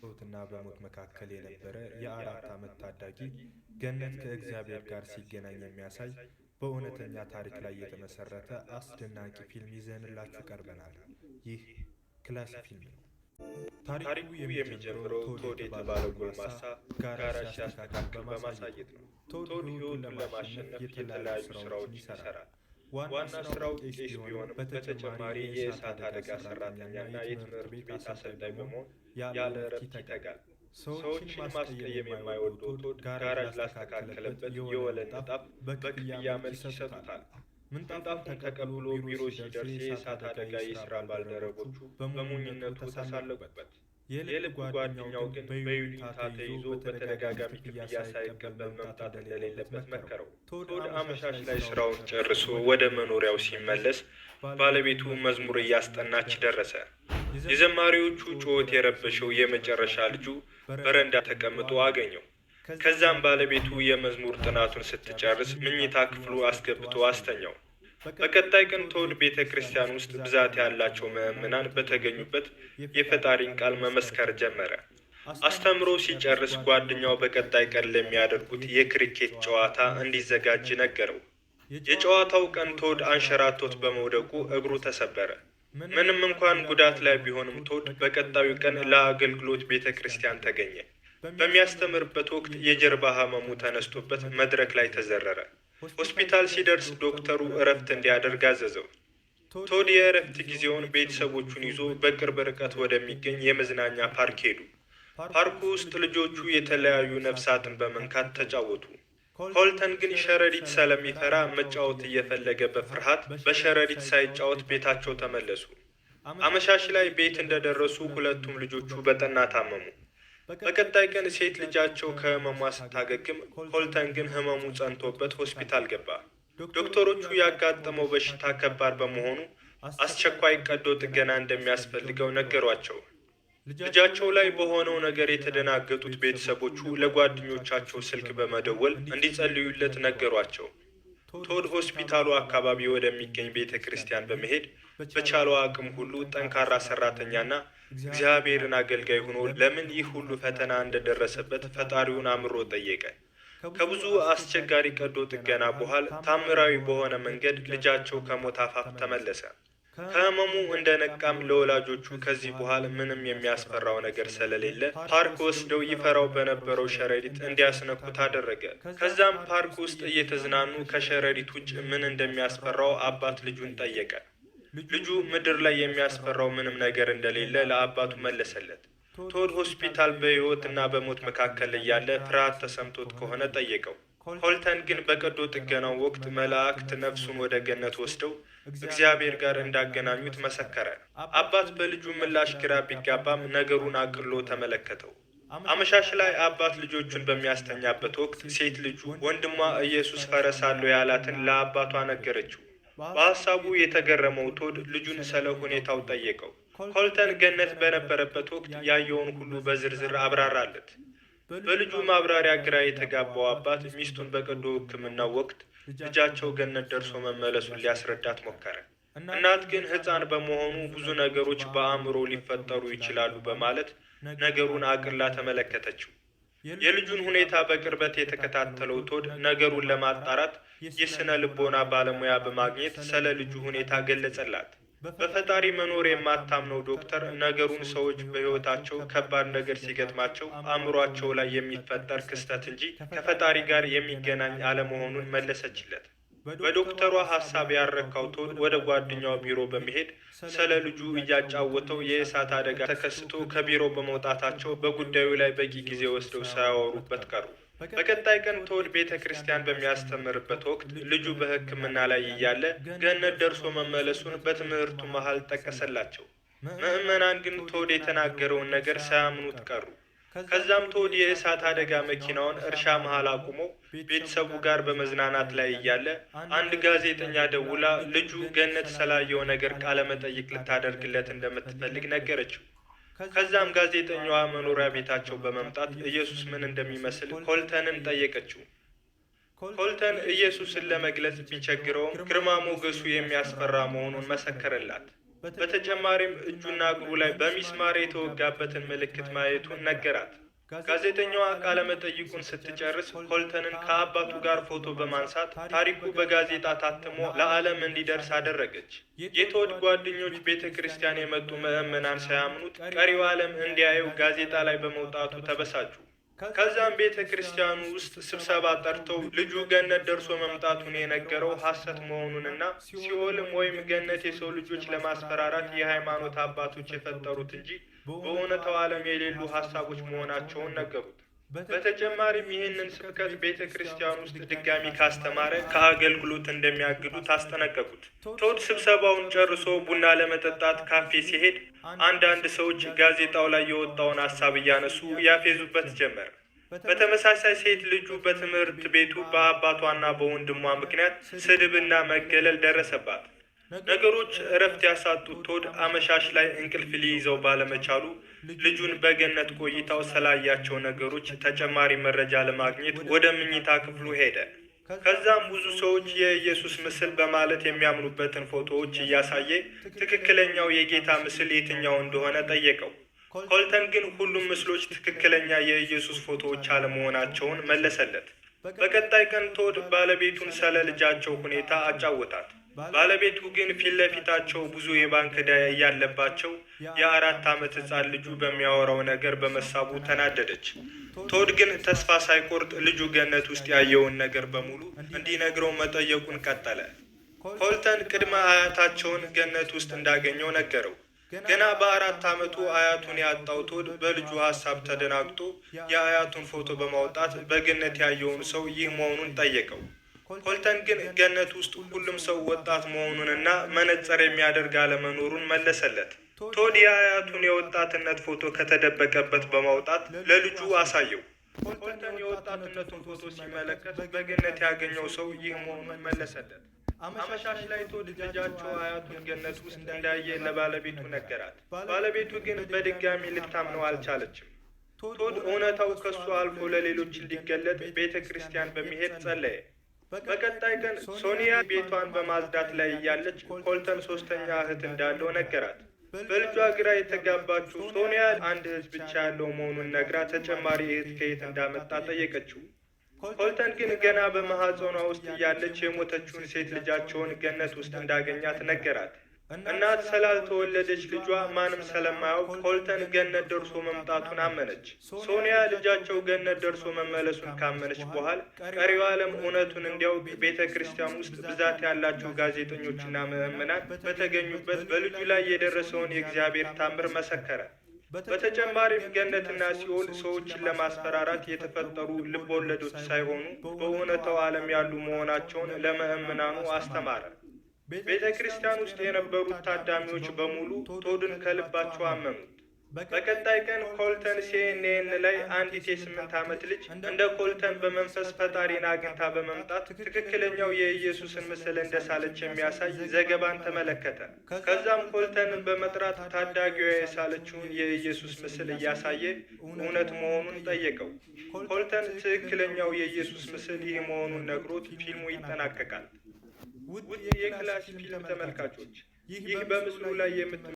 በሕይወትና በሞት መካከል የነበረ የአራት ዓመት ታዳጊ ገነት ከእግዚአብሔር ጋር ሲገናኝ የሚያሳይ በእውነተኛ ታሪክ ላይ የተመሰረተ አስደናቂ ፊልም ይዘንላችሁ ቀርበናል። ይህ ክላስ ፊልም ነው። ታሪኩ የሚጀምረው ቶድ የተባለው ጎልማሳ ጋራዥ ሲያስተካክል በማሳየት ነው። ቶድ ሕይወቱን ለማሸነፍ የተለያዩ ስራዎችን ይሰራል። ዋና ስራው ቄስ ቢሆንም በተጨማሪ የእሳት አደጋ ሰራተኛና የትምህርት ቤት አሰልጣኝ በመሆን ያለ እረፍት ይተጋል። ሰዎችን ማስቀየም የማይወዱ ጋራጅ ላስተካከለበት የወለ ንጣፍ በክፍያ መልስ ይሰጡታል። ምንጣፉን ተቀብሎ ቢሮ ሲደርስ የእሳት አደጋ የስራ ባልደረቦቹ በሞኝነቱ ተሳለቁበት። የልብ ጓደኛው ግን በዩኒታ ተይዞ በተደጋጋሚ ክፍያ ሳይቀበል መምጣት እንደሌለበት መከረው። ቶድ አመሻሽ ላይ ስራውን ጨርሶ ወደ መኖሪያው ሲመለስ ባለቤቱ መዝሙር እያስጠናች ደረሰ። የዘማሪዎቹ ጩኸት የረበሸው የመጨረሻ ልጁ በረንዳ ተቀምጦ አገኘው። ከዛም ባለቤቱ የመዝሙር ጥናቱን ስትጨርስ ምኝታ ክፍሉ አስገብቶ አስተኛው። በቀጣይ ግን ተውል ቤተ ክርስቲያን ውስጥ ብዛት ያላቸው ምዕመናን በተገኙበት የፈጣሪን ቃል መመስከር ጀመረ። አስተምሮ ሲጨርስ ጓደኛው በቀጣይ ቀን ለሚያደርጉት የክሪኬት ጨዋታ እንዲዘጋጅ ነገረው። የጨዋታው ቀን ቶድ አንሸራቶት በመውደቁ እግሩ ተሰበረ። ምንም እንኳን ጉዳት ላይ ቢሆንም ቶድ በቀጣዩ ቀን ለአገልግሎት ቤተ ክርስቲያን ተገኘ። በሚያስተምርበት ወቅት የጀርባ ሕመሙ ተነስቶበት መድረክ ላይ ተዘረረ። ሆስፒታል ሲደርስ ዶክተሩ እረፍት እንዲያደርግ አዘዘው። ቶድ የእረፍት ጊዜውን ቤተሰቦቹን ይዞ በቅርብ ርቀት ወደሚገኝ የመዝናኛ ፓርክ ሄዱ። ፓርኩ ውስጥ ልጆቹ የተለያዩ ነፍሳትን በመንካት ተጫወቱ። ኮልተን ግን ሸረሪት ስለሚፈራ መጫወት እየፈለገ በፍርሃት በሸረሪት ሳይጫወት ቤታቸው ተመለሱ። አመሻሽ ላይ ቤት እንደደረሱ ሁለቱም ልጆቹ በጠና ታመሙ። በቀጣይ ቀን ሴት ልጃቸው ከህመሟ ስታገግም ኮልተን ግን ህመሙ ጸንቶበት ሆስፒታል ገባ። ዶክተሮቹ ያጋጠመው በሽታ ከባድ በመሆኑ አስቸኳይ ቀዶ ጥገና እንደሚያስፈልገው ነገሯቸው። ልጃቸው ላይ በሆነው ነገር የተደናገጡት ቤተሰቦቹ ለጓደኞቻቸው ስልክ በመደወል እንዲጸልዩለት ነገሯቸው። ቶድ ሆስፒታሉ አካባቢ ወደሚገኝ ቤተ ክርስቲያን በመሄድ በቻለው አቅም ሁሉ ጠንካራ ሰራተኛና እግዚአብሔርን አገልጋይ ሆኖ ለምን ይህ ሁሉ ፈተና እንደደረሰበት ፈጣሪውን አምሮ ጠየቀ። ከብዙ አስቸጋሪ ቀዶ ጥገና በኋላ ታምራዊ በሆነ መንገድ ልጃቸው ከሞት አፋፍ ተመለሰ። ከህመሙ እንደነቃም ለወላጆቹ ከዚህ በኋላ ምንም የሚያስፈራው ነገር ስለሌለ ፓርክ ወስደው ይፈራው በነበረው ሸረሪት እንዲያስነኩት አደረገ። ከዛም ፓርክ ውስጥ እየተዝናኑ ከሸረሪት ውጭ ምን እንደሚያስፈራው አባት ልጁን ጠየቀ። ልጁ ምድር ላይ የሚያስፈራው ምንም ነገር እንደሌለ ለአባቱ መለሰለት። ቶድ ሆስፒታል በህይወትና በሞት መካከል እያለ ፍርሃት ተሰምቶት ከሆነ ጠየቀው። ኮልተን ግን በቀዶ ጥገናው ወቅት መላእክት ነፍሱን ወደ ገነት ወስደው እግዚአብሔር ጋር እንዳገናኙት መሰከረ። አባት በልጁ ምላሽ ግራ ቢጋባም ነገሩን አቅሎ ተመለከተው። አመሻሽ ላይ አባት ልጆቹን በሚያስተኛበት ወቅት ሴት ልጁ ወንድሟ ኢየሱስ ፈረስ አለው ያላትን ለአባቷ ነገረችው። በሐሳቡ የተገረመው ቶድ ልጁን ስለ ሁኔታው ጠየቀው። ኮልተን ገነት በነበረበት ወቅት ያየውን ሁሉ በዝርዝር አብራራለት። በልጁ ማብራሪያ ግራ የተጋባው አባት ሚስቱን በቀዶ ሕክምናው ወቅት ልጃቸው ገነት ደርሶ መመለሱን ሊያስረዳት ሞከረ። እናት ግን ሕፃን በመሆኑ ብዙ ነገሮች በአእምሮ ሊፈጠሩ ይችላሉ በማለት ነገሩን አቅላ ተመለከተችው። የልጁን ሁኔታ በቅርበት የተከታተለው ቶድ ነገሩን ለማጣራት የስነ ልቦና ባለሙያ በማግኘት ስለ ልጁ ሁኔታ ገለጸላት። በፈጣሪ መኖር የማታምነው ዶክተር ነገሩን ሰዎች በህይወታቸው ከባድ ነገር ሲገጥማቸው አእምሯቸው ላይ የሚፈጠር ክስተት እንጂ ከፈጣሪ ጋር የሚገናኝ አለመሆኑን መለሰችለት። በዶክተሯ ሀሳብ ያረካው ቶድ ወደ ጓደኛው ቢሮ በመሄድ ስለ ልጁ እያጫወተው የእሳት አደጋ ተከስቶ ከቢሮ በመውጣታቸው በጉዳዩ ላይ በቂ ጊዜ ወስደው ሳያወሩበት ቀሩ። በቀጣይ ቀን ተውል ቤተ ክርስቲያን በሚያስተምርበት ወቅት ልጁ በሕክምና ላይ እያለ ገነት ደርሶ መመለሱን በትምህርቱ መሀል ጠቀሰላቸው። ምዕመናን ግን ተውል የተናገረውን ነገር ሳያምኑት ቀሩ። ከዛም ተውል የእሳት አደጋ መኪናውን እርሻ መሀል አቁሞ ቤተሰቡ ጋር በመዝናናት ላይ እያለ አንድ ጋዜጠኛ ደውላ ልጁ ገነት ስላየው ነገር ቃለመጠይቅ ልታደርግለት እንደምትፈልግ ነገረችው። ከዛም ጋዜጠኛዋ መኖሪያ ቤታቸው በመምጣት ኢየሱስ ምን እንደሚመስል ኮልተንን ጠየቀችው። ኮልተን ኢየሱስን ለመግለጽ ቢቸግረውም ግርማ ሞገሱ የሚያስፈራ መሆኑን መሰከረላት። በተጨማሪም እጁና እግሩ ላይ በሚስማር የተወጋበትን ምልክት ማየቱን ነገራት። ጋዜጠኛዋ ቃለመጠይቁን ስትጨርስ ሆልተንን ከአባቱ ጋር ፎቶ በማንሳት ታሪኩ በጋዜጣ ታትሞ ለዓለም እንዲደርስ አደረገች። የተወድ ጓደኞች ቤተ ክርስቲያን የመጡ ምዕመናን ሳያምኑት ቀሪው ዓለም እንዲያየው ጋዜጣ ላይ በመውጣቱ ተበሳጩ። ከዛም ቤተ ክርስቲያኑ ውስጥ ስብሰባ ጠርተው ልጁ ገነት ደርሶ መምጣቱን የነገረው ሐሰት መሆኑንና ሲኦልም ወይም ገነት የሰው ልጆች ለማስፈራራት የሃይማኖት አባቶች የፈጠሩት እንጂ በእውነታው ዓለም የሌሉ ሀሳቦች መሆናቸውን ነገሩት። በተጨማሪም ይህንን ስብከት ቤተ ክርስቲያን ውስጥ ድጋሚ ካስተማረ ከአገልግሎት እንደሚያግዱት አስጠነቀቁት። ቶድ ስብሰባውን ጨርሶ ቡና ለመጠጣት ካፌ ሲሄድ አንዳንድ ሰዎች ጋዜጣው ላይ የወጣውን ሀሳብ እያነሱ ያፌዙበት ጀመር። በተመሳሳይ ሴት ልጁ በትምህርት ቤቱ በአባቷና በወንድሟ ምክንያት ስድብና መገለል ደረሰባት። ነገሮች እረፍት ያሳጡት ቶድ አመሻሽ ላይ እንቅልፍ ሊይዘው ባለመቻሉ ልጁን በገነት ቆይታው ስላያቸው ነገሮች ተጨማሪ መረጃ ለማግኘት ወደ ምኝታ ክፍሉ ሄደ። ከዛም ብዙ ሰዎች የኢየሱስ ምስል በማለት የሚያምኑበትን ፎቶዎች እያሳየ ትክክለኛው የጌታ ምስል የትኛው እንደሆነ ጠየቀው። ኮልተን ግን ሁሉም ምስሎች ትክክለኛ የኢየሱስ ፎቶዎች አለመሆናቸውን መለሰለት። በቀጣይ ቀን ቶድ ባለቤቱን ስለ ልጃቸው ሁኔታ አጫወታት። ባለቤቱ ግን ፊት ለፊታቸው ብዙ የባንክ ዕዳ ያለባቸው የአራት ዓመት ህፃን ልጁ በሚያወራው ነገር በመሳቡ ተናደደች። ቶድ ግን ተስፋ ሳይቆርጥ ልጁ ገነት ውስጥ ያየውን ነገር በሙሉ እንዲነግረው መጠየቁን ቀጠለ። ኮልተን ቅድመ አያታቸውን ገነት ውስጥ እንዳገኘው ነገረው። ገና በአራት ዓመቱ አያቱን ያጣው ቶድ በልጁ ሀሳብ ተደናግጦ የአያቱን ፎቶ በማውጣት በገነት ያየውን ሰው ይህ መሆኑን ጠየቀው። ኮልተን ግን ገነት ውስጥ ሁሉም ሰው ወጣት መሆኑንና መነጽር የሚያደርግ አለመኖሩን መለሰለት። ቶድ የአያቱን የወጣትነት ፎቶ ከተደበቀበት በማውጣት ለልጁ አሳየው። ኮልተን የወጣትነቱን ፎቶ ሲመለከት በገነት ያገኘው ሰው ይህ መሆኑን መለሰለት። አመሻሽ ላይ ቶድ ልጃቸው አያቱን ገነት ውስጥ እንዳየ ለባለቤቱ ነገራት። ባለቤቱ ግን በድጋሚ ልታምነው አልቻለችም። ቶድ እውነታው ከሱ አልፎ ለሌሎች እንዲገለጥ ቤተ ክርስቲያን በመሄድ ጸለየ። በቀጣይ ቀን ሶኒያ ቤቷን በማጽዳት ላይ እያለች ኮልተን ሶስተኛ እህት እንዳለው ነገራት። በልጇ ግራ የተጋባችው ሶኒያ አንድ እህት ብቻ ያለው መሆኑን ነግራ ተጨማሪ እህት ከየት እንዳመጣ ጠየቀችው። ኮልተን ግን ገና በመሐፀኗ ውስጥ እያለች የሞተችውን ሴት ልጃቸውን ገነት ውስጥ እንዳገኛት ነገራት። እናት ስላልተወለደች ልጇ ማንም ስለማያውቅ ኮልተን ገነት ደርሶ መምጣቱን አመነች። ሶኒያ ልጃቸው ገነት ደርሶ መመለሱን ካመነች በኋላ ቀሪው ዓለም እውነቱን እንዲያውቅ ቤተ ክርስቲያን ውስጥ ብዛት ያላቸው ጋዜጠኞችና ምዕመናን በተገኙበት በልጁ ላይ የደረሰውን የእግዚአብሔር ታምር መሰከረ። በተጨማሪም ገነትና ሲኦል ሰዎችን ለማስፈራራት የተፈጠሩ ልብ ወለዶች ሳይሆኑ በእውነታው ዓለም ያሉ መሆናቸውን ለምዕመናኑ አስተማረ። ቤተ ክርስቲያን ውስጥ የነበሩት ታዳሚዎች በሙሉ ቶድን ከልባቸው አመኑት። በቀጣይ ቀን ኮልተን ሲኤንኤን ላይ አንዲት የስምንት ዓመት ልጅ እንደ ኮልተን በመንፈስ ፈጣሪን አግኝታ በመምጣት ትክክለኛው የኢየሱስን ምስል እንደሳለች የሚያሳይ ዘገባን ተመለከተ። ከዛም ኮልተንን በመጥራት ታዳጊዋ የሳለችውን የኢየሱስ ምስል እያሳየ እውነት መሆኑን ጠየቀው። ኮልተን ትክክለኛው የኢየሱስ ምስል ይህ መሆኑን ነግሮት ፊልሙ ይጠናቀቃል። ውድ የክላሽ ፊልም ተመልካቾች ይህ በምስሉ ላይ የምት